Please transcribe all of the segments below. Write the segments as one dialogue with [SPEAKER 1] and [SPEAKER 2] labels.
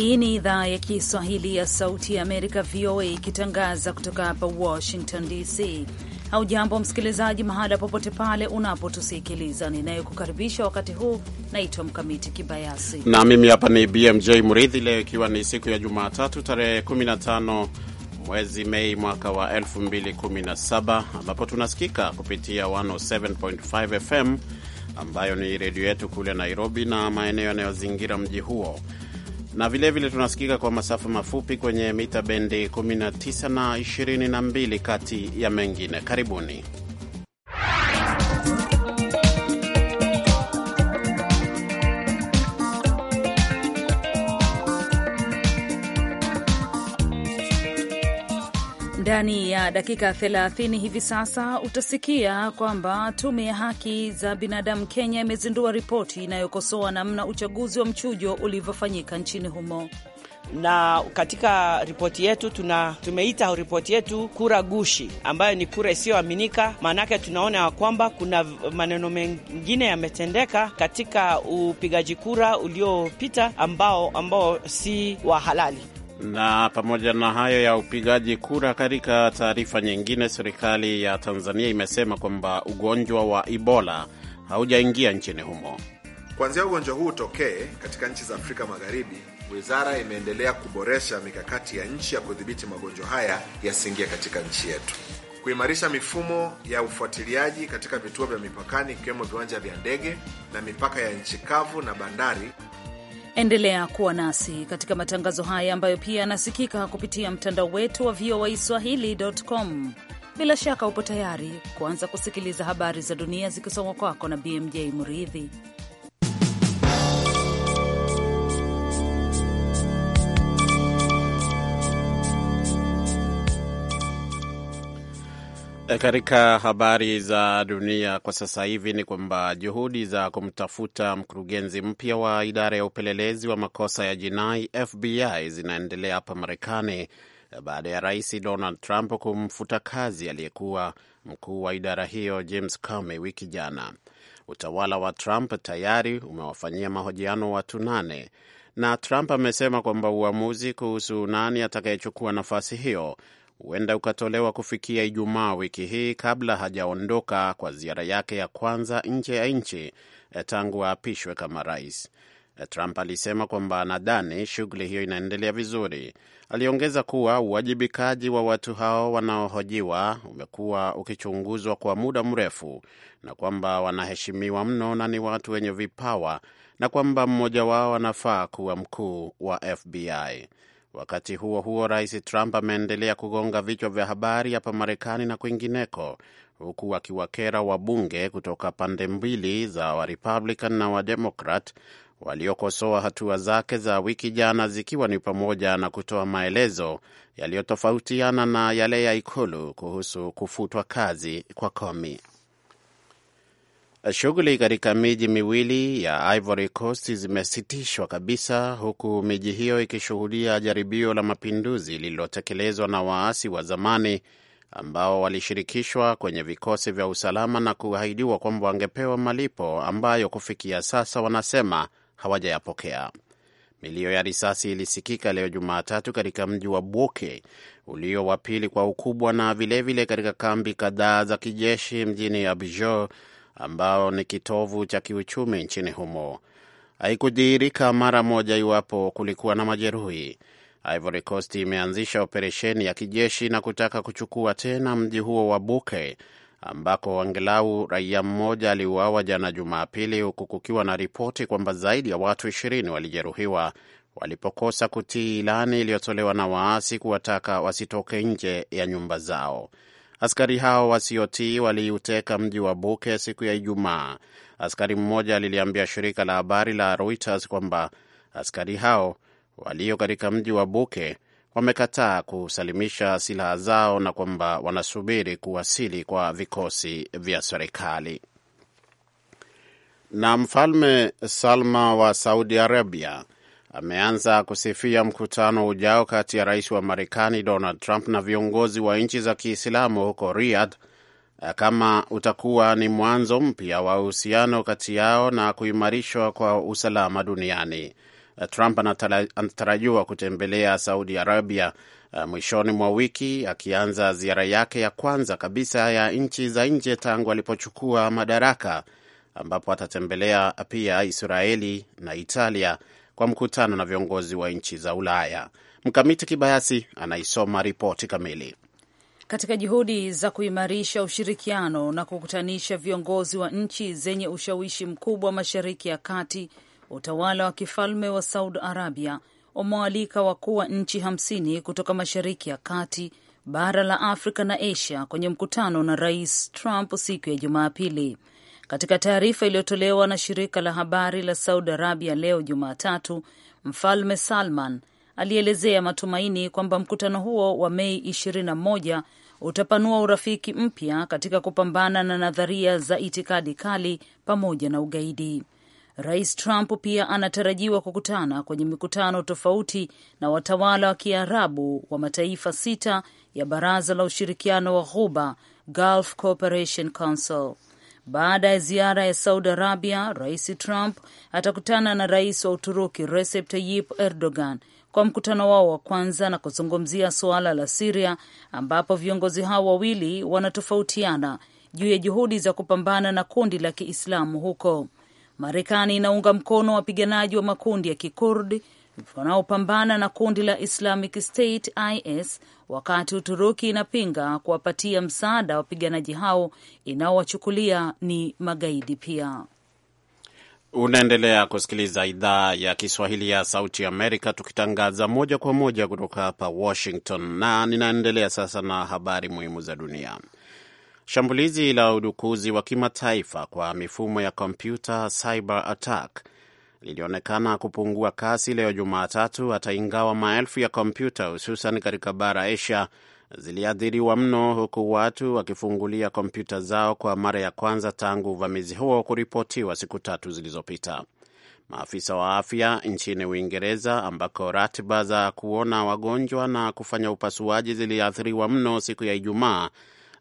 [SPEAKER 1] Hii ni idhaa ya Kiswahili ya Sauti ya Amerika, VOA, ikitangaza kutoka hapa Washington DC. Haujambo msikilizaji, mahala popote pale unapotusikiliza. Ninayekukaribisha wakati huu naitwa Mkamiti Kibayasi
[SPEAKER 2] na mimi hapa ni BMJ Murithi. Leo ikiwa ni siku ya Jumatatu tarehe 15 mwezi Mei mwaka wa 2017 ambapo tunasikika kupitia 107.5 FM ambayo ni redio yetu kule Nairobi na maeneo yanayozingira mji huo na vilevile vile tunasikika kwa masafa mafupi kwenye mita bendi 19 na 22 kati ya mengine. Karibuni.
[SPEAKER 1] Ndani ya dakika 30 hivi sasa utasikia kwamba tume ya haki za binadamu Kenya imezindua ripoti inayokosoa namna uchaguzi wa mchujo ulivyofanyika nchini humo
[SPEAKER 3] na katika ripoti yetu tuna tumeita ripoti yetu kura gushi, ambayo ni kura isiyoaminika. Maanake tunaona ya kwamba kuna maneno mengine yametendeka katika upigaji kura uliopita ambao, ambao si wa halali.
[SPEAKER 2] Na pamoja na hayo ya upigaji kura, katika taarifa nyingine, serikali ya Tanzania imesema kwamba ugonjwa wa Ebola haujaingia nchini humo.
[SPEAKER 4] Kuanzia ugonjwa huu utokee katika nchi za Afrika Magharibi, wizara imeendelea kuboresha mikakati ya nchi ya kudhibiti magonjwa haya yasiingie katika nchi yetu, kuimarisha mifumo ya ufuatiliaji katika vituo vya mipakani, ikiwemo viwanja vya ndege na mipaka ya nchi kavu na bandari
[SPEAKER 1] Endelea kuwa nasi katika matangazo haya ambayo pia yanasikika kupitia mtandao wetu wa VOA Swahili.com. Bila shaka upo tayari kuanza kusikiliza habari za dunia zikisomwa kwako na BMJ Muridhi.
[SPEAKER 2] Katika habari za dunia kwa sasa hivi ni kwamba juhudi za kumtafuta mkurugenzi mpya wa idara ya upelelezi wa makosa ya jinai FBI zinaendelea hapa Marekani baada ya Rais Donald Trump kumfuta kazi aliyekuwa mkuu wa idara hiyo James Comey wiki jana. Utawala wa Trump tayari umewafanyia mahojiano watu nane na Trump amesema kwamba uamuzi kuhusu nani atakayechukua nafasi hiyo huenda ukatolewa kufikia Ijumaa wiki hii kabla hajaondoka kwa ziara yake ya kwanza nje ya nchi eh, tangu aapishwe kama rais. Eh, Trump alisema kwamba anadhani shughuli hiyo inaendelea vizuri. Aliongeza kuwa uwajibikaji wa watu hao wanaohojiwa umekuwa ukichunguzwa kwa muda mrefu na kwamba wanaheshimiwa mno na ni watu wenye vipawa na kwamba mmoja wao anafaa kuwa mkuu wa FBI. Wakati huo huo, rais Trump ameendelea kugonga vichwa vya habari hapa Marekani na kwingineko, huku akiwakera wabunge kutoka pande mbili za Warepublican na Wademokrat waliokosoa hatua zake za wiki jana, zikiwa ni pamoja na kutoa maelezo yaliyotofautiana na yale ya Ikulu kuhusu kufutwa kazi kwa Komi. Uh, shughuli katika miji miwili ya Ivory Coast zimesitishwa kabisa, huku miji hiyo ikishuhudia jaribio la mapinduzi lililotekelezwa na waasi wa zamani ambao walishirikishwa kwenye vikosi vya usalama na kuahidiwa kwamba wangepewa malipo ambayo kufikia sasa wanasema hawajayapokea. Milio ya risasi ilisikika leo Jumatatu katika mji wa Boke ulio wa pili kwa ukubwa na vilevile katika kambi kadhaa za kijeshi mjini Abidjan ambao ni kitovu cha kiuchumi nchini humo. Haikudhihirika mara moja iwapo kulikuwa na majeruhi. Ivory Coast imeanzisha operesheni ya kijeshi na kutaka kuchukua tena mji huo wa Buke ambako angalau raia mmoja aliuawa jana Jumapili, huku kukiwa na ripoti kwamba zaidi ya watu ishirini walijeruhiwa walipokosa kutii ilani iliyotolewa na waasi kuwataka wasitoke nje ya nyumba zao. Askari hao wasiotii waliuteka mji wa Buke siku ya Ijumaa. Askari mmoja aliliambia shirika la habari la Reuters kwamba askari hao walio katika mji wa Buke wamekataa kusalimisha silaha zao na kwamba wanasubiri kuwasili kwa vikosi vya serikali. Na Mfalme Salma wa Saudi Arabia ameanza kusifia mkutano ujao kati ya rais wa Marekani Donald Trump na viongozi wa nchi za Kiislamu huko Riyadh eh, kama utakuwa ni mwanzo mpya wa uhusiano kati yao na kuimarishwa kwa usalama duniani. Eh, Trump anatarajiwa kutembelea Saudi Arabia eh, mwishoni mwa wiki, akianza ziara yake ya kwanza kabisa ya nchi za nje tangu alipochukua madaraka, ambapo atatembelea pia Israeli na Italia kwa mkutano na viongozi wa nchi za Ulaya. Mkamiti Kibayasi anaisoma ripoti kamili.
[SPEAKER 1] Katika juhudi za kuimarisha ushirikiano na kukutanisha viongozi wa nchi zenye ushawishi mkubwa mashariki ya kati, utawala wa kifalme wa Saudi Arabia umewaalika wakuu wa nchi hamsini kutoka mashariki ya kati, bara la Afrika na Asia kwenye mkutano na Rais Trump siku ya Jumapili. Katika taarifa iliyotolewa na shirika la habari la Saudi Arabia leo Jumatatu, Mfalme Salman alielezea matumaini kwamba mkutano huo wa Mei 21 utapanua urafiki mpya katika kupambana na nadharia za itikadi kali pamoja na ugaidi. Rais Trump pia anatarajiwa kukutana kwenye mikutano tofauti na watawala wa Kiarabu wa mataifa sita ya Baraza la Ushirikiano wa Ghuba, Gulf Cooperation Council. Baada ya ziara ya Saudi Arabia, Rais Trump atakutana na rais wa Uturuki Recep Tayyip Erdogan kwa mkutano wao wa kwanza na kuzungumzia suala la Siria, ambapo viongozi hao wawili wanatofautiana juu ya juhudi za kupambana na kundi la Kiislamu huko. Marekani inaunga mkono wapiganaji wa makundi ya Kikurdi wanaopambana na kundi la Islamic State IS, wakati Uturuki inapinga kuwapatia msaada wapiganaji hao inaowachukulia ni magaidi pia.
[SPEAKER 2] Unaendelea kusikiliza idhaa ya Kiswahili ya Sauti Amerika, tukitangaza moja kwa moja kutoka hapa Washington, na ninaendelea sasa na habari muhimu za dunia. Shambulizi la udukuzi wa kimataifa kwa mifumo ya kompyuta cyber attack lilionekana kupungua kasi leo Jumatatu, hata ingawa maelfu ya kompyuta hususan katika bara Asia ziliathiriwa mno, huku watu wakifungulia kompyuta zao kwa mara ya kwanza tangu uvamizi huo kuripotiwa siku tatu zilizopita. Maafisa wa afya nchini Uingereza, ambako ratiba za kuona wagonjwa na kufanya upasuaji ziliathiriwa mno siku ya Ijumaa,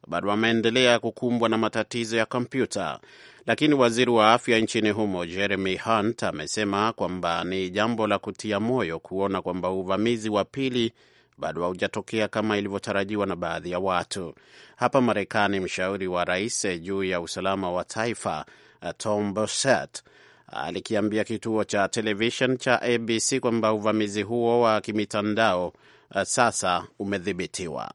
[SPEAKER 2] bado wameendelea kukumbwa na matatizo ya kompyuta, lakini waziri wa afya nchini humo Jeremy Hunt amesema kwamba ni jambo la kutia moyo kuona kwamba uvamizi wa pili bado haujatokea kama ilivyotarajiwa na baadhi ya watu. Hapa Marekani, mshauri wa rais juu ya usalama wa taifa eh, Tom Boset alikiambia kituo cha televishen cha ABC kwamba uvamizi huo wa kimitandao eh, sasa umedhibitiwa.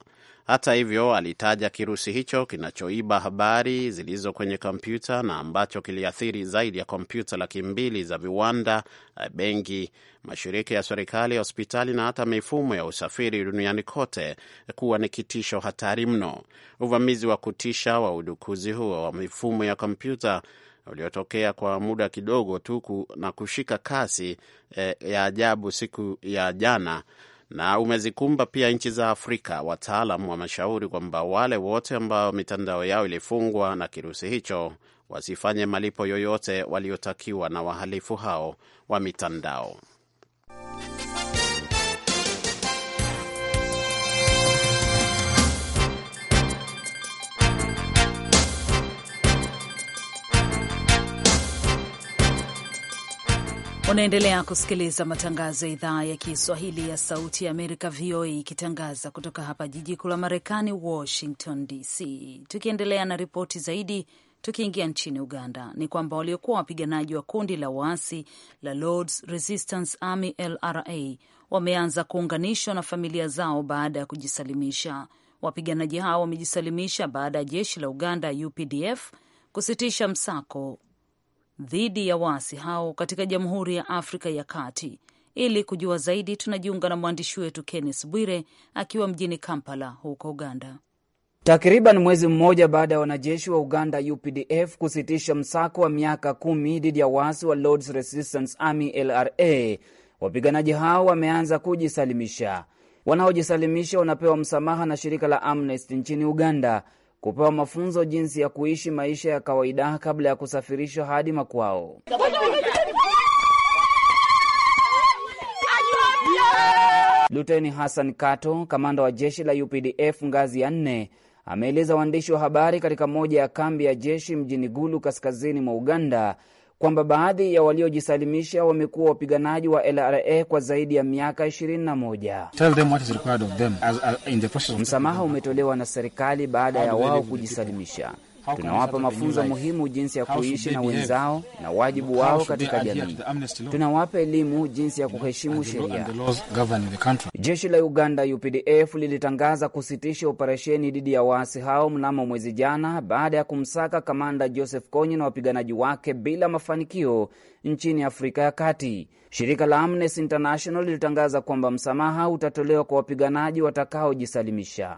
[SPEAKER 2] Hata hivyo, alitaja kirusi hicho kinachoiba habari zilizo kwenye kompyuta na ambacho kiliathiri zaidi ya kompyuta laki mbili za viwanda, eh, benki, mashirika ya serikali, hospitali na hata mifumo ya usafiri duniani kote kuwa ni kitisho hatari mno. Uvamizi wa kutisha wa udukuzi huo wa mifumo ya kompyuta uliotokea kwa muda kidogo tu na kushika kasi eh, ya ajabu siku ya jana na umezikumba pia nchi za Afrika. Wataalam wameshauri kwamba wale wote ambao mitandao yao ilifungwa na kirusi hicho wasifanye malipo yoyote waliotakiwa na wahalifu hao wa mitandao.
[SPEAKER 1] Unaendelea kusikiliza matangazo ya idhaa ya Kiswahili ya Sauti ya Amerika, VOA, ikitangaza kutoka hapa jiji kuu la Marekani, Washington DC. Tukiendelea na ripoti zaidi Tukiingia nchini Uganda ni kwamba waliokuwa wapiganaji wa kundi la waasi la Lords Resistance Army LRA wameanza kuunganishwa na familia zao baada ya kujisalimisha. Wapiganaji hao wamejisalimisha baada ya jeshi la Uganda UPDF kusitisha msako dhidi ya waasi hao katika Jamhuri ya Afrika ya Kati. Ili kujua zaidi, tunajiunga na mwandishi wetu kennis Bwire akiwa mjini Kampala huko Uganda.
[SPEAKER 5] Takriban mwezi mmoja baada ya wanajeshi wa Uganda UPDF kusitisha msako wa miaka kumi dhidi ya waasi wa Lords Resistance Army LRA, wapiganaji hao wameanza kujisalimisha. Wanaojisalimisha wanapewa msamaha na shirika la Amnesty nchini Uganda kupewa mafunzo jinsi ya kuishi maisha ya kawaida kabla ya kusafirishwa hadi makwao. Luteni Hassan Kato, kamanda wa jeshi la UPDF ngazi ya nne, ameeleza waandishi wa habari katika moja ya kambi ya jeshi mjini Gulu, kaskazini mwa Uganda kwamba baadhi ya waliojisalimisha wamekuwa wapiganaji wa LRA kwa zaidi ya miaka 21. Msamaha umetolewa na serikali baada ya wao kujisalimisha. Tunawapa mafunzo muhimu jinsi ya kuishi na wenzao na wajibu wao katika jamii. Tunawapa elimu jinsi ya kuheshimu sheria. Jeshi la Uganda UPDF lilitangaza kusitisha operesheni dhidi ya waasi hao mnamo mwezi jana baada ya kumsaka kamanda Joseph Kony na wapiganaji wake bila mafanikio nchini Afrika ya Kati. Shirika la Amnesty International lilitangaza kwamba msamaha utatolewa kwa wapiganaji watakaojisalimisha.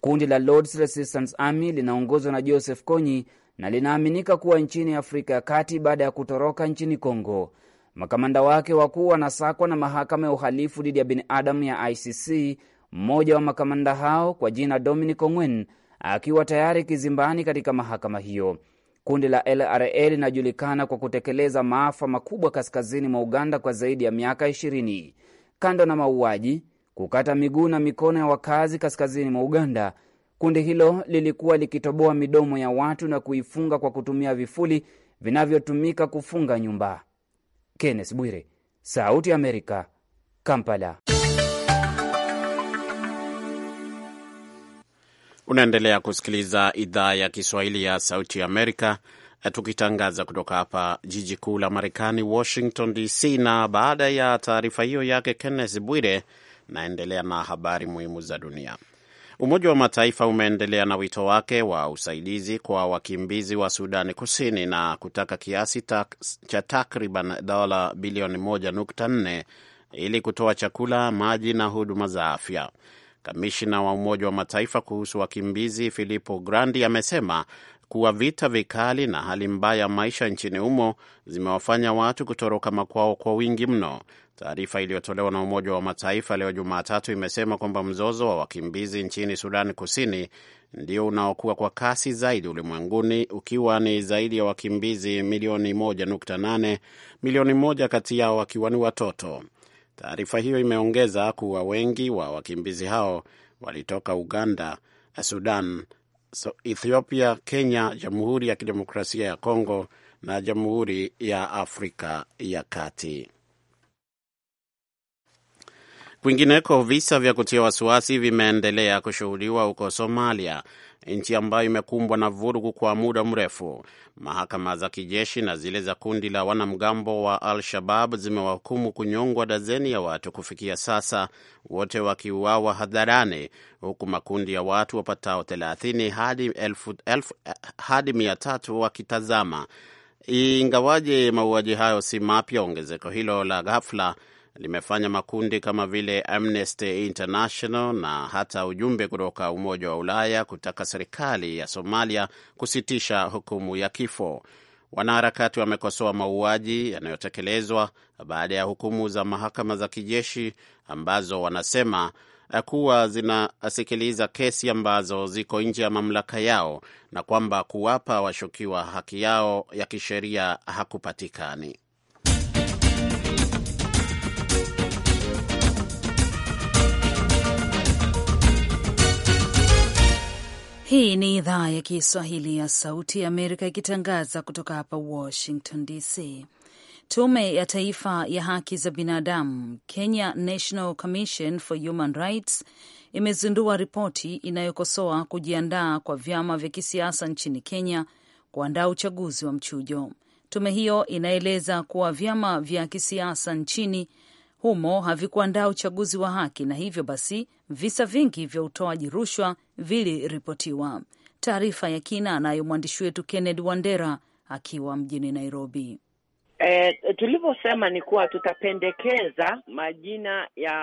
[SPEAKER 5] Kundi la Lord's Resistance Army linaongozwa na Joseph Kony na linaaminika kuwa nchini Afrika ya Kati baada ya kutoroka nchini congo Makamanda wake wakuu wanasakwa na mahakama ya uhalifu dhidi ya binadamu ya ICC, mmoja wa makamanda hao kwa jina Dominic Ongwen akiwa tayari kizimbani katika mahakama hiyo. Kundi la LRA linajulikana kwa kutekeleza maafa makubwa kaskazini mwa Uganda kwa zaidi ya miaka 20. Kando na mauaji kukata miguu na mikono ya wakazi kaskazini mwa Uganda. Kundi hilo lilikuwa likitoboa midomo ya watu na kuifunga kwa kutumia vifuli vinavyotumika kufunga nyumba. Kenneth Bwire, Sauti ya Amerika, Kampala.
[SPEAKER 2] Unaendelea kusikiliza idhaa ya Kiswahili ya Sauti ya Amerika eh, tukitangaza kutoka hapa jiji kuu la Marekani, Washington DC. Na baada ya taarifa hiyo yake Kenneth Bwire, Naendelea na habari muhimu za dunia. Umoja wa Mataifa umeendelea na wito wake wa usaidizi kwa wakimbizi wa Sudani Kusini na kutaka kiasi tak, cha takriban dola bilioni 1.4 ili kutoa chakula, maji na huduma za afya. Kamishina wa Umoja wa Mataifa kuhusu wakimbizi Filippo Grandi amesema kuwa vita vikali na hali mbaya ya maisha nchini humo zimewafanya watu kutoroka makwao kwa wingi mno. Taarifa iliyotolewa na Umoja wa Mataifa leo Jumatatu imesema kwamba mzozo wa wakimbizi nchini sudani Kusini ndio unaokuwa kwa kasi zaidi ulimwenguni ukiwa ni zaidi ya wakimbizi milioni 1.8, milioni moja kati yao wakiwa ni watoto. Taarifa hiyo imeongeza kuwa wengi wa wakimbizi hao walitoka Uganda, Sudan, so Ethiopia, Kenya, Jamhuri ya Kidemokrasia ya Kongo na Jamhuri ya Afrika ya Kati. Kwingineko, visa vya kutia wasiwasi vimeendelea kushuhudiwa huko Somalia nchi ambayo imekumbwa na vurugu kwa muda mrefu. Mahakama za kijeshi na zile za kundi la wanamgambo wa Al-Shabab zimewahukumu kunyongwa dazeni ya watu kufikia sasa, wote wakiuawa hadharani, huku makundi ya watu wapatao 30 hadi elfu, elfu, hadi mia tatu wakitazama. Ingawaje mauaji hayo si mapya, ongezeko hilo la ghafla limefanya makundi kama vile Amnesty International na hata ujumbe kutoka Umoja wa Ulaya kutaka serikali ya Somalia kusitisha hukumu ya kifo. Wanaharakati wamekosoa mauaji yanayotekelezwa baada ya hukumu za mahakama za kijeshi ambazo wanasema kuwa zinasikiliza kesi ambazo ziko nje ya mamlaka yao na kwamba kuwapa washukiwa haki yao ya kisheria hakupatikani.
[SPEAKER 1] Hii ni idhaa ya Kiswahili ya Sauti ya Amerika ikitangaza kutoka hapa Washington DC. Tume ya Taifa ya Haki za Binadamu, Kenya National Commission for Human Rights, imezindua ripoti inayokosoa kujiandaa kwa vyama vya kisiasa nchini Kenya kuandaa uchaguzi wa mchujo. Tume hiyo inaeleza kuwa vyama vya kisiasa nchini humo havikuandaa uchaguzi wa haki na hivyo basi visa vingi vya utoaji rushwa viliripotiwa. Taarifa ya kina anayo mwandishi wetu Kennedy Wandera akiwa mjini Nairobi.
[SPEAKER 3] E, tulivyosema ni kuwa tutapendekeza majina ya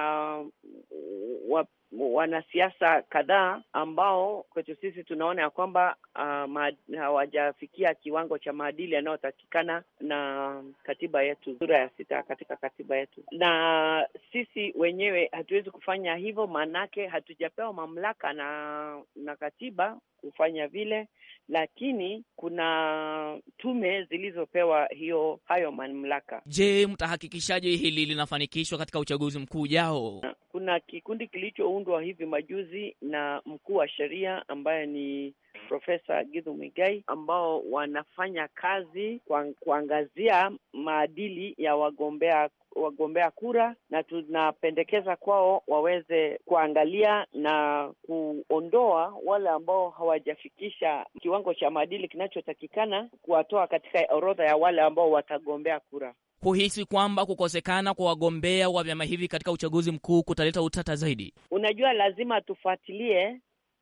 [SPEAKER 3] wanasiasa kadhaa ambao kwetu sisi tunaona ya kwamba uh, hawajafikia kiwango cha maadili yanayotakikana na katiba yetu, sura ya sita katika katiba yetu, na sisi wenyewe hatuwezi kufanya hivyo, maanake hatujapewa mamlaka na na katiba kufanya vile, lakini kuna tume zilizopewa hiyo hayo mamlaka.
[SPEAKER 5] Je, mtahakikishaje hili linafanikishwa katika uchaguzi mkuu ujao?
[SPEAKER 3] kuna kikundi kilichoundwa hivi majuzi na mkuu wa sheria ambaye ni Profesa Githu Muigai ambao wanafanya kazi kuangazia maadili ya wagombea wagombea kura, na tunapendekeza kwao waweze kuangalia na kuondoa wale ambao hawajafikisha kiwango cha maadili kinachotakikana, kuwatoa katika orodha ya wale ambao watagombea kura.
[SPEAKER 5] Huhisi kwamba kukosekana kwa wagombea wa vyama hivi katika uchaguzi mkuu kutaleta utata zaidi?
[SPEAKER 3] Unajua, lazima tufuatilie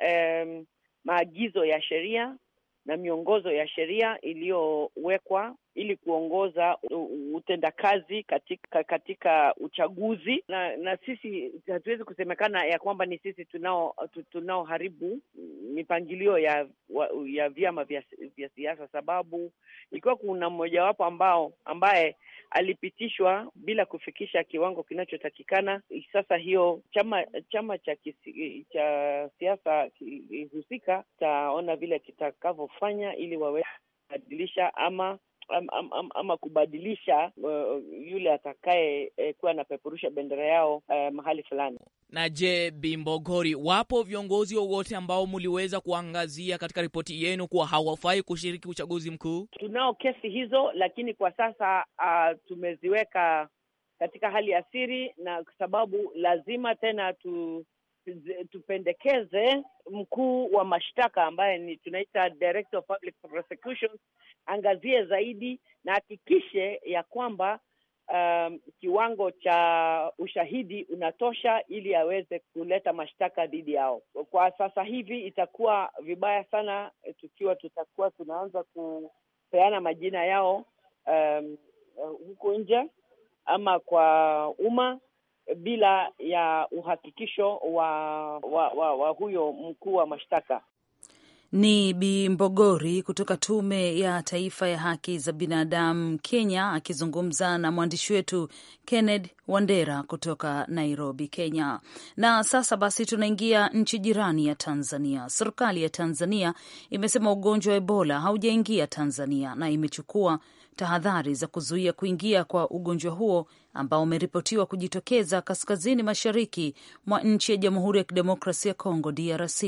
[SPEAKER 3] um, maagizo ya sheria na miongozo ya sheria iliyowekwa ili kuongoza utendakazi katika katika uchaguzi na, na sisi hatuwezi kusemekana ya kwamba ni sisi tunao tunaoharibu mipangilio ya ya vyama vya, vya siasa, sababu ikiwa kuna mmojawapo ambao ambaye alipitishwa bila kufikisha kiwango kinachotakikana, sasa hiyo chama chama cha kisi, cha siasa husika taona vile kitakavyofanya ili wawe kubadilisha ama am, am, ama kubadilisha uh, yule atakaye uh, kuwa anapeperusha bendera yao uh, mahali fulani.
[SPEAKER 5] Na je, Bimbogori, wapo viongozi wowote ambao mliweza kuangazia katika ripoti yenu kuwa hawafai kushiriki uchaguzi mkuu?
[SPEAKER 3] Tunao kesi hizo, lakini kwa sasa uh, tumeziweka katika hali ya siri, na kwa sababu lazima tena tu tupendekeze mkuu wa mashtaka ambaye ni tunaita Director of Public angazie zaidi na hakikishe ya kwamba um, kiwango cha ushahidi unatosha ili aweze kuleta mashtaka dhidi yao. Kwa sasa hivi itakuwa vibaya sana tukiwa tutakuwa tunaanza kupeana majina yao um, huku nje ama kwa umma bila ya uhakikisho wa, wa, wa, wa huyo mkuu wa mashtaka.
[SPEAKER 1] Ni Bi Mbogori kutoka Tume ya Taifa ya Haki za Binadamu Kenya, akizungumza na mwandishi wetu Kenneth Wandera kutoka Nairobi, Kenya. Na sasa basi, tunaingia nchi jirani ya Tanzania. Serikali ya Tanzania imesema ugonjwa wa Ebola haujaingia Tanzania na imechukua tahadhari za kuzuia kuingia kwa ugonjwa huo ambao umeripotiwa kujitokeza kaskazini mashariki mwa nchi ya Jamhuri ya Kidemokrasia ya Kongo, DRC.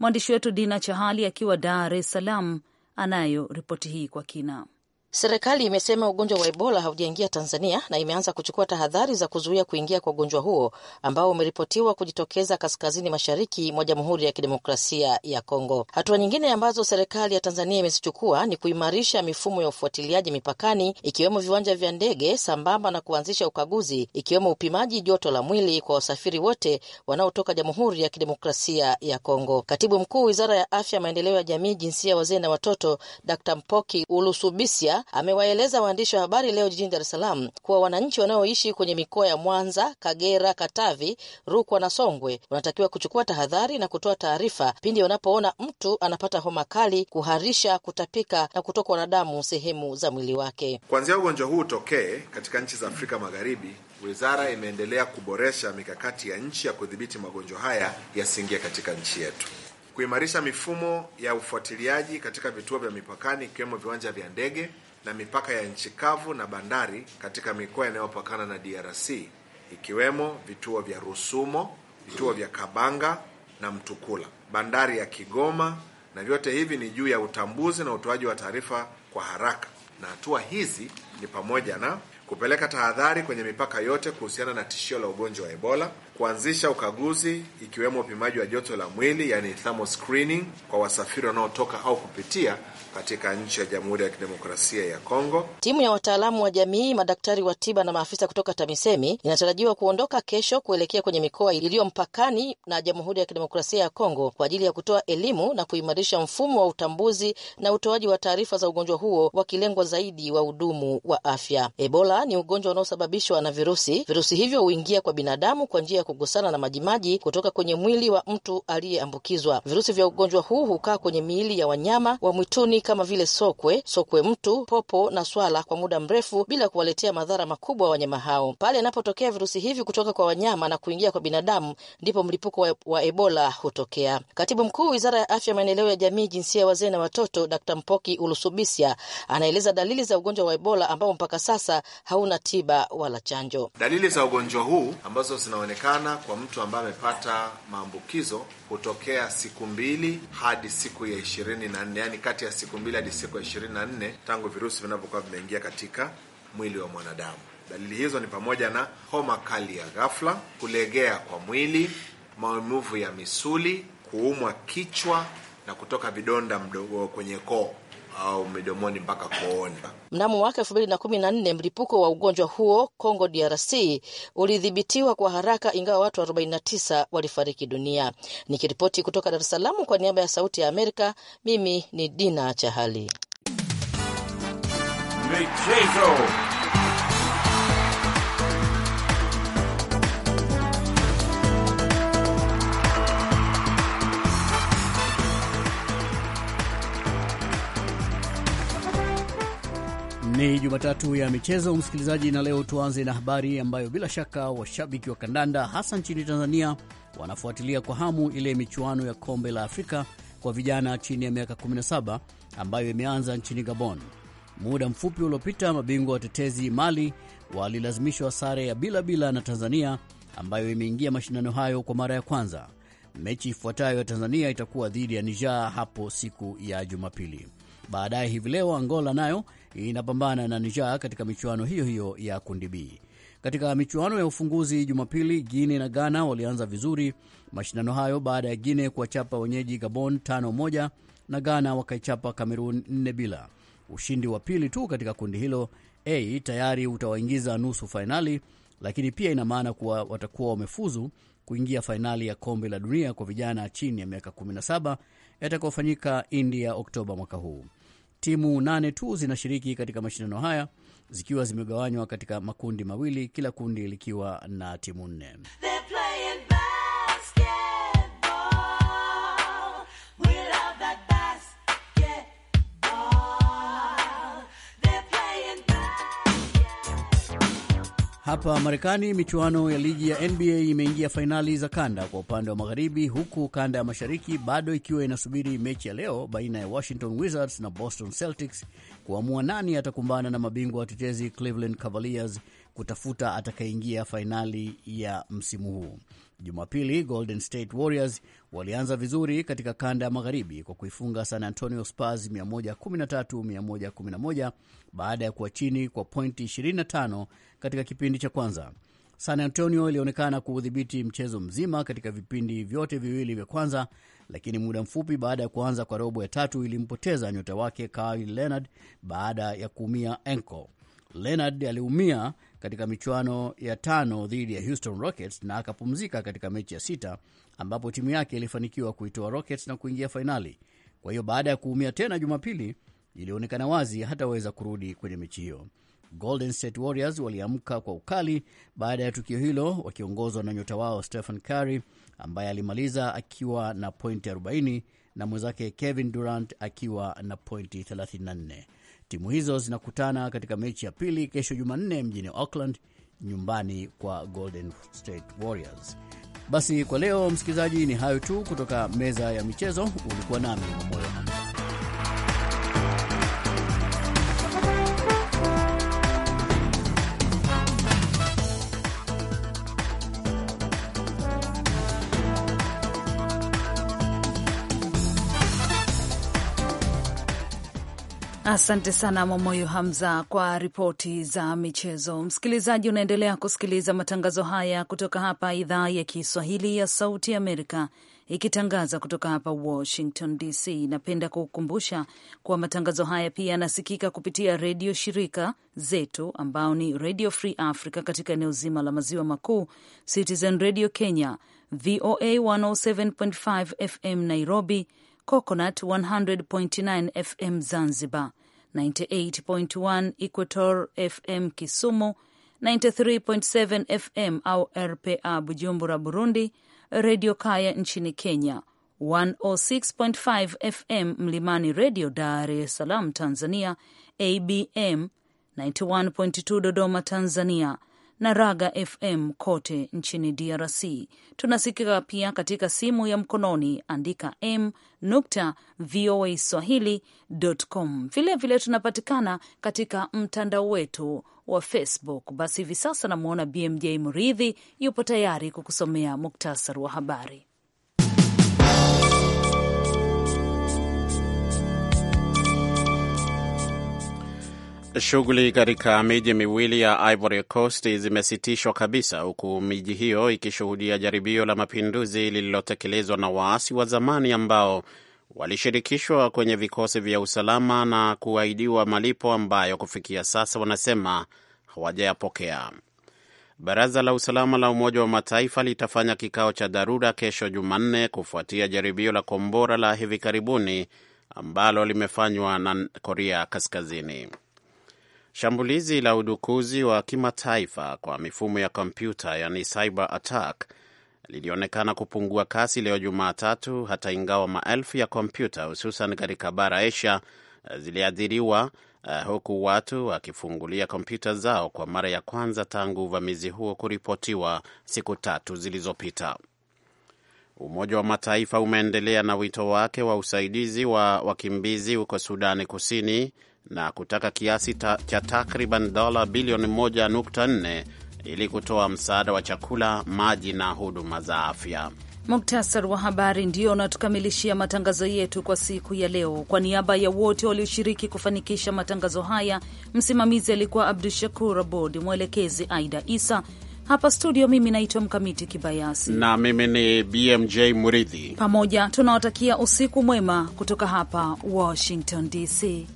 [SPEAKER 1] Mwandishi wetu Dina Chahali akiwa Dar es Salaam anayo ripoti hii kwa kina. Serikali
[SPEAKER 6] imesema ugonjwa wa Ebola haujaingia Tanzania na imeanza kuchukua tahadhari za kuzuia kuingia kwa ugonjwa huo ambao umeripotiwa kujitokeza kaskazini mashariki mwa Jamhuri ya Kidemokrasia ya Kongo. Hatua nyingine ambazo serikali ya Tanzania imezichukua ni kuimarisha mifumo ya ufuatiliaji mipakani, ikiwemo viwanja vya ndege, sambamba na kuanzisha ukaguzi, ikiwemo upimaji joto la mwili kwa wasafiri wote wanaotoka Jamhuri ya Kidemokrasia ya Kongo. Katibu Mkuu Wizara ya Afya, Maendeleo ya Jamii, Jinsia, Wazee na Watoto Dkt. Mpoki Ulusubisia amewaeleza waandishi wa habari leo jijini Dar es Salaam kuwa wananchi wanaoishi kwenye mikoa ya Mwanza, Kagera, Katavi, Rukwa na Songwe wanatakiwa kuchukua tahadhari na kutoa taarifa pindi wanapoona mtu anapata homa kali, kuharisha, kutapika na kutokwa na damu sehemu za mwili wake.
[SPEAKER 4] Kuanzia ugonjwa huu utokee katika nchi za Afrika Magharibi, wizara imeendelea kuboresha mikakati ya nchi ya kudhibiti magonjwa haya yasiingie katika nchi yetu kuimarisha mifumo ya ufuatiliaji katika vituo vya mipakani ikiwemo viwanja vya ndege na mipaka ya nchi kavu na bandari katika mikoa inayopakana na DRC ikiwemo vituo vya Rusumo, vituo vya Kabanga na Mtukula, bandari ya Kigoma, na vyote hivi ni juu ya utambuzi na utoaji wa taarifa kwa haraka. Na hatua hizi ni pamoja na kupeleka tahadhari kwenye mipaka yote kuhusiana na tishio la ugonjwa wa Ebola kuanzisha ukaguzi ikiwemo upimaji wa joto la mwili yani thermal screening kwa wasafiri wanaotoka au kupitia katika nchi ya Jamhuri ya Kidemokrasia ya Kongo.
[SPEAKER 6] Timu ya wataalamu wa jamii, madaktari wa tiba na maafisa kutoka TAMISEMI inatarajiwa kuondoka kesho kuelekea kwenye mikoa iliyo mpakani na Jamhuri ya Kidemokrasia ya Kongo kwa ajili ya kutoa elimu na kuimarisha mfumo wa utambuzi na utoaji wa taarifa za ugonjwa huo, wakilengwa zaidi wahudumu wa afya. Ebola ni ugonjwa unaosababishwa na virusi. Virusi hivyo huingia kwa binadamu kwa njia ya kugusana na majimaji kutoka kwenye mwili wa mtu aliyeambukizwa. Virusi vya ugonjwa huu hukaa kwenye miili ya wanyama wa mwituni kama vile sokwe, sokwe mtu, popo na swala kwa muda mrefu bila kuwaletea madhara makubwa wa wanyama hao. Pale anapotokea virusi hivi kutoka kwa wanyama na kuingia kwa binadamu, ndipo mlipuko wa, wa Ebola hutokea. Katibu mkuu Wizara ya Afya, Maendeleo ya Jamii, Jinsia ya Wazee na Watoto, d Mpoki Ulusubisya anaeleza dalili za ugonjwa wa Ebola ambao mpaka sasa hauna tiba wala chanjo.
[SPEAKER 4] Dalili za ugonjwa huu ambazo zinaonekana sana kwa mtu ambaye amepata maambukizo hutokea siku mbili hadi siku ya ishirini na nne yaani kati ya siku mbili hadi siku ya ishirini na nne tangu virusi vinavyokuwa vimeingia katika mwili wa mwanadamu. Dalili hizo ni pamoja na homa kali ya ghafla, kulegea kwa mwili, maumivu ya misuli, kuumwa kichwa na kutoka vidonda mdogo kwenye koo au midomoni mpaka kooni.
[SPEAKER 6] Mnamo mwaka elfu mbili na kumi na nne mlipuko wa ugonjwa huo Congo DRC ulidhibitiwa kwa haraka, ingawa watu 49 walifariki dunia. Nikiripoti kutoka Dar es Salaam kwa niaba ya Sauti ya Amerika, mimi ni Dina Chahali.
[SPEAKER 5] Michezo.
[SPEAKER 7] Ni Jumatatu ya michezo, msikilizaji, na leo tuanze na habari ambayo bila shaka washabiki wa kandanda hasa nchini Tanzania wanafuatilia kwa hamu ile michuano ya kombe la Afrika kwa vijana chini ya miaka 17 ambayo imeanza nchini Gabon. Muda mfupi uliopita, mabingwa watetezi Mali walilazimishwa sare ya bila bila na Tanzania ambayo imeingia mashindano hayo kwa mara ya kwanza. Mechi ifuatayo ya Tanzania itakuwa dhidi ya nijaa hapo siku ya Jumapili. Baadaye hivi leo Angola nayo inapambana na Niger katika michuano hiyo hiyo ya kundi B. Katika michuano ya ufunguzi Jumapili, Guine na Ghana walianza vizuri mashindano hayo baada ya Guine kuwachapa wenyeji Gabon tano moja na Ghana wakaichapa Kamerun nne bila. Ushindi wa pili tu katika kundi hilo A tayari utawaingiza nusu fainali, lakini pia ina maana kuwa watakuwa wamefuzu kuingia fainali ya kombe la dunia kwa vijana chini ya miaka 17 yatakayofanyika India Oktoba mwaka huu. Timu nane tu zinashiriki katika mashindano haya zikiwa zimegawanywa katika makundi mawili, kila kundi likiwa na timu nne. Hapa Marekani, michuano ya ligi ya NBA imeingia fainali za kanda kwa upande wa magharibi, huku kanda ya mashariki bado ikiwa inasubiri mechi ya leo baina ya Washington Wizards na Boston Celtics kuamua nani atakumbana na mabingwa watetezi Cleveland Cavaliers kutafuta atakayeingia fainali ya msimu huu. Jumapili, Golden State Warriors walianza vizuri katika kanda ya magharibi kwa kuifunga San Antonio Spurs 113-111 baada ya kuwa chini kwa pointi 25 katika kipindi cha kwanza. San Antonio ilionekana kuudhibiti mchezo mzima katika vipindi vyote viwili vya kwanza, lakini muda mfupi baada ya kuanza kwa robo ya tatu ilimpoteza nyota wake Kawhi Leonard baada ya kuumia enko. Leonard aliumia katika michuano ya tano dhidi ya Houston Rockets na akapumzika katika mechi ya sita ambapo timu yake ilifanikiwa kuitoa Rockets na kuingia fainali. Kwa hiyo baada ya kuumia tena Jumapili, ilionekana wazi hataweza kurudi kwenye mechi hiyo. Golden State Warriors waliamka kwa ukali baada ya tukio hilo, wakiongozwa na nyota wao Stephen Curry ambaye alimaliza akiwa na pointi 40 na mwenzake Kevin Durant akiwa na pointi 34. Timu hizo zinakutana katika mechi ya pili kesho Jumanne mjini Auckland, nyumbani kwa Golden State Warriors. Basi kwa leo, msikilizaji, ni hayo tu kutoka meza ya michezo. Ulikuwa nami Mamoyo.
[SPEAKER 1] Asante sana Mwamoyo Hamza kwa ripoti za michezo. Msikilizaji, unaendelea kusikiliza matangazo haya kutoka hapa idhaa ya Kiswahili ya Sauti Amerika ikitangaza kutoka hapa Washington DC. Napenda kukukumbusha kuwa matangazo haya pia yanasikika kupitia redio shirika zetu ambao ni Radio Free Africa katika eneo zima la maziwa makuu, Citizen Radio Kenya, VOA 107.5 FM Nairobi, Coconut 100.9 FM Zanzibar, 98.1 Equator FM Kisumu, 93.7 FM au RPA Bujumbura, Burundi, Redio Kaya nchini Kenya, 106.5 FM Mlimani Redio Dar es Salaam Tanzania, ABM 91.2 Dodoma Tanzania, na Raga FM kote nchini DRC. Tunasikika pia katika simu ya mkononi, andika m nukta voa swahili.com. Vilevile tunapatikana katika mtandao wetu wa Facebook. Basi hivi sasa namwona BMJ Mridhi yupo tayari kukusomea muktasari wa habari.
[SPEAKER 2] Shughuli katika miji miwili ya Ivory Coast zimesitishwa kabisa, huku miji hiyo ikishuhudia jaribio la mapinduzi lililotekelezwa na waasi wa zamani ambao walishirikishwa kwenye vikosi vya usalama na kuahidiwa malipo ambayo kufikia sasa wanasema hawajayapokea. Baraza la usalama la Umoja wa Mataifa litafanya kikao cha dharura kesho Jumanne kufuatia jaribio la kombora la hivi karibuni ambalo limefanywa na Korea Kaskazini. Shambulizi la udukuzi wa kimataifa kwa mifumo ya kompyuta yani cyber attack lilionekana kupungua kasi leo Jumatatu, hata ingawa maelfu ya kompyuta hususan katika bara Asia ziliathiriwa, uh, huku watu wakifungulia kompyuta zao kwa mara ya kwanza tangu uvamizi huo kuripotiwa siku tatu zilizopita. Umoja wa Mataifa umeendelea na wito wake wa usaidizi wa wakimbizi huko Sudani Kusini na kutaka kiasi ta, cha takriban dola bilioni 1.4 ili kutoa msaada wa chakula, maji na huduma za afya.
[SPEAKER 1] Muktasar wa habari ndio unatukamilishia matangazo yetu kwa siku ya leo. Kwa niaba ya wote walioshiriki kufanikisha matangazo haya, msimamizi alikuwa Abdu Shakur Abod, mwelekezi Aida Isa. Hapa studio, mimi naitwa Mkamiti Kibayasi
[SPEAKER 2] na mimi ni BMJ Muridhi.
[SPEAKER 1] Pamoja tunawatakia usiku mwema kutoka hapa Washington DC.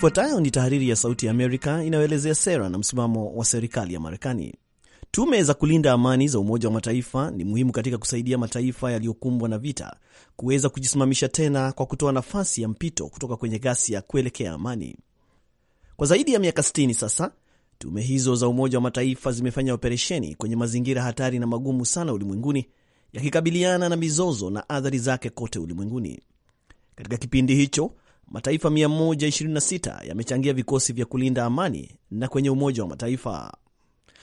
[SPEAKER 8] Ifuatayo ni tahariri ya Sauti ya Amerika inayoelezea sera na msimamo wa serikali ya Marekani. Tume za kulinda amani za Umoja wa Mataifa ni muhimu katika kusaidia mataifa yaliyokumbwa na vita kuweza kujisimamisha tena kwa kutoa nafasi ya mpito kutoka kwenye ghasia kuelekea amani. Kwa zaidi ya miaka 60 sasa, tume hizo za Umoja wa Mataifa zimefanya operesheni kwenye mazingira hatari na magumu sana ulimwenguni, yakikabiliana na mizozo na athari zake kote ulimwenguni. Katika kipindi hicho mataifa 126 yamechangia vikosi vya kulinda amani na kwenye Umoja wa Mataifa.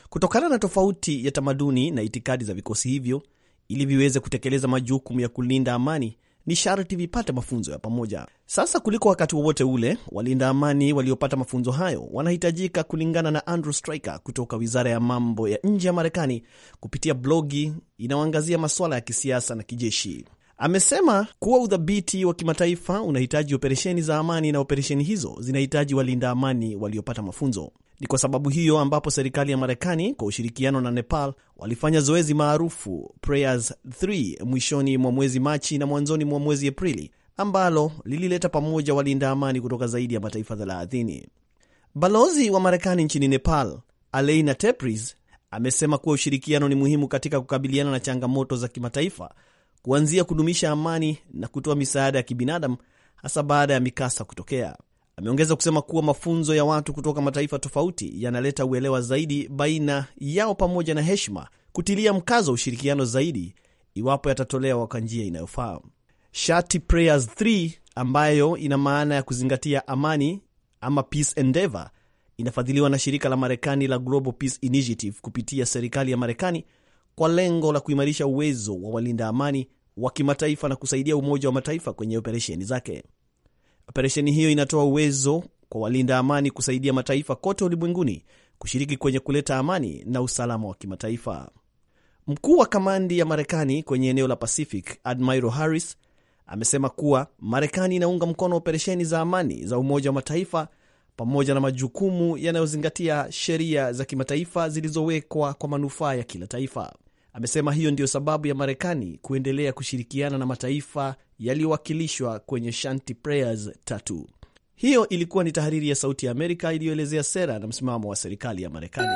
[SPEAKER 8] Kutokana na tofauti ya tamaduni na itikadi za vikosi hivyo, ili viweze kutekeleza majukumu ya kulinda amani ni sharti vipate mafunzo ya pamoja. Sasa kuliko wakati wowote ule, walinda amani waliopata mafunzo hayo wanahitajika, kulingana na Andrew Striker kutoka wizara ya mambo ya nje ya Marekani, kupitia blogi inayoangazia masuala ya kisiasa na kijeshi. Amesema kuwa udhabiti wa kimataifa unahitaji operesheni za amani na operesheni hizo zinahitaji walinda amani waliopata mafunzo. Ni kwa sababu hiyo ambapo serikali ya Marekani kwa ushirikiano na Nepal walifanya zoezi maarufu Prayers 3 mwishoni mwa mwezi Machi na mwanzoni mwa mwezi Aprili, ambalo lilileta pamoja walinda amani kutoka zaidi ya mataifa 30. Balozi wa Marekani nchini Nepal Aleina Tepris amesema kuwa ushirikiano ni muhimu katika kukabiliana na changamoto za kimataifa kuanzia kudumisha amani na kutoa misaada ya kibinadamu hasa baada ya mikasa kutokea. Ameongeza kusema kuwa mafunzo ya watu kutoka mataifa tofauti yanaleta uelewa zaidi baina yao pamoja na heshima, kutilia mkazo ushirikiano zaidi iwapo yatatolewa kwa njia inayofaa. Shati Prayers 3 ambayo ina maana ya kuzingatia amani ama peace endeavor inafadhiliwa na shirika la Marekani la Global Peace Initiative kupitia serikali ya Marekani kwa lengo la kuimarisha uwezo wa walinda amani wa kimataifa na kusaidia Umoja wa Mataifa kwenye operesheni zake. Operesheni hiyo inatoa uwezo kwa walinda amani kusaidia mataifa kote ulimwenguni kushiriki kwenye kuleta amani na usalama wa kimataifa. Mkuu wa kamandi ya Marekani kwenye eneo la Pacific, Admiral Harris, amesema kuwa Marekani inaunga mkono operesheni za amani za Umoja wa Mataifa pamoja na majukumu yanayozingatia sheria za kimataifa zilizowekwa kwa manufaa ya kila taifa. Amesema hiyo ndiyo sababu ya Marekani kuendelea kushirikiana na mataifa yaliyowakilishwa kwenye Shanti Prayers tatu. Hiyo ilikuwa ni tahariri ya Sauti ya Amerika iliyoelezea sera na msimamo wa serikali ya Marekani.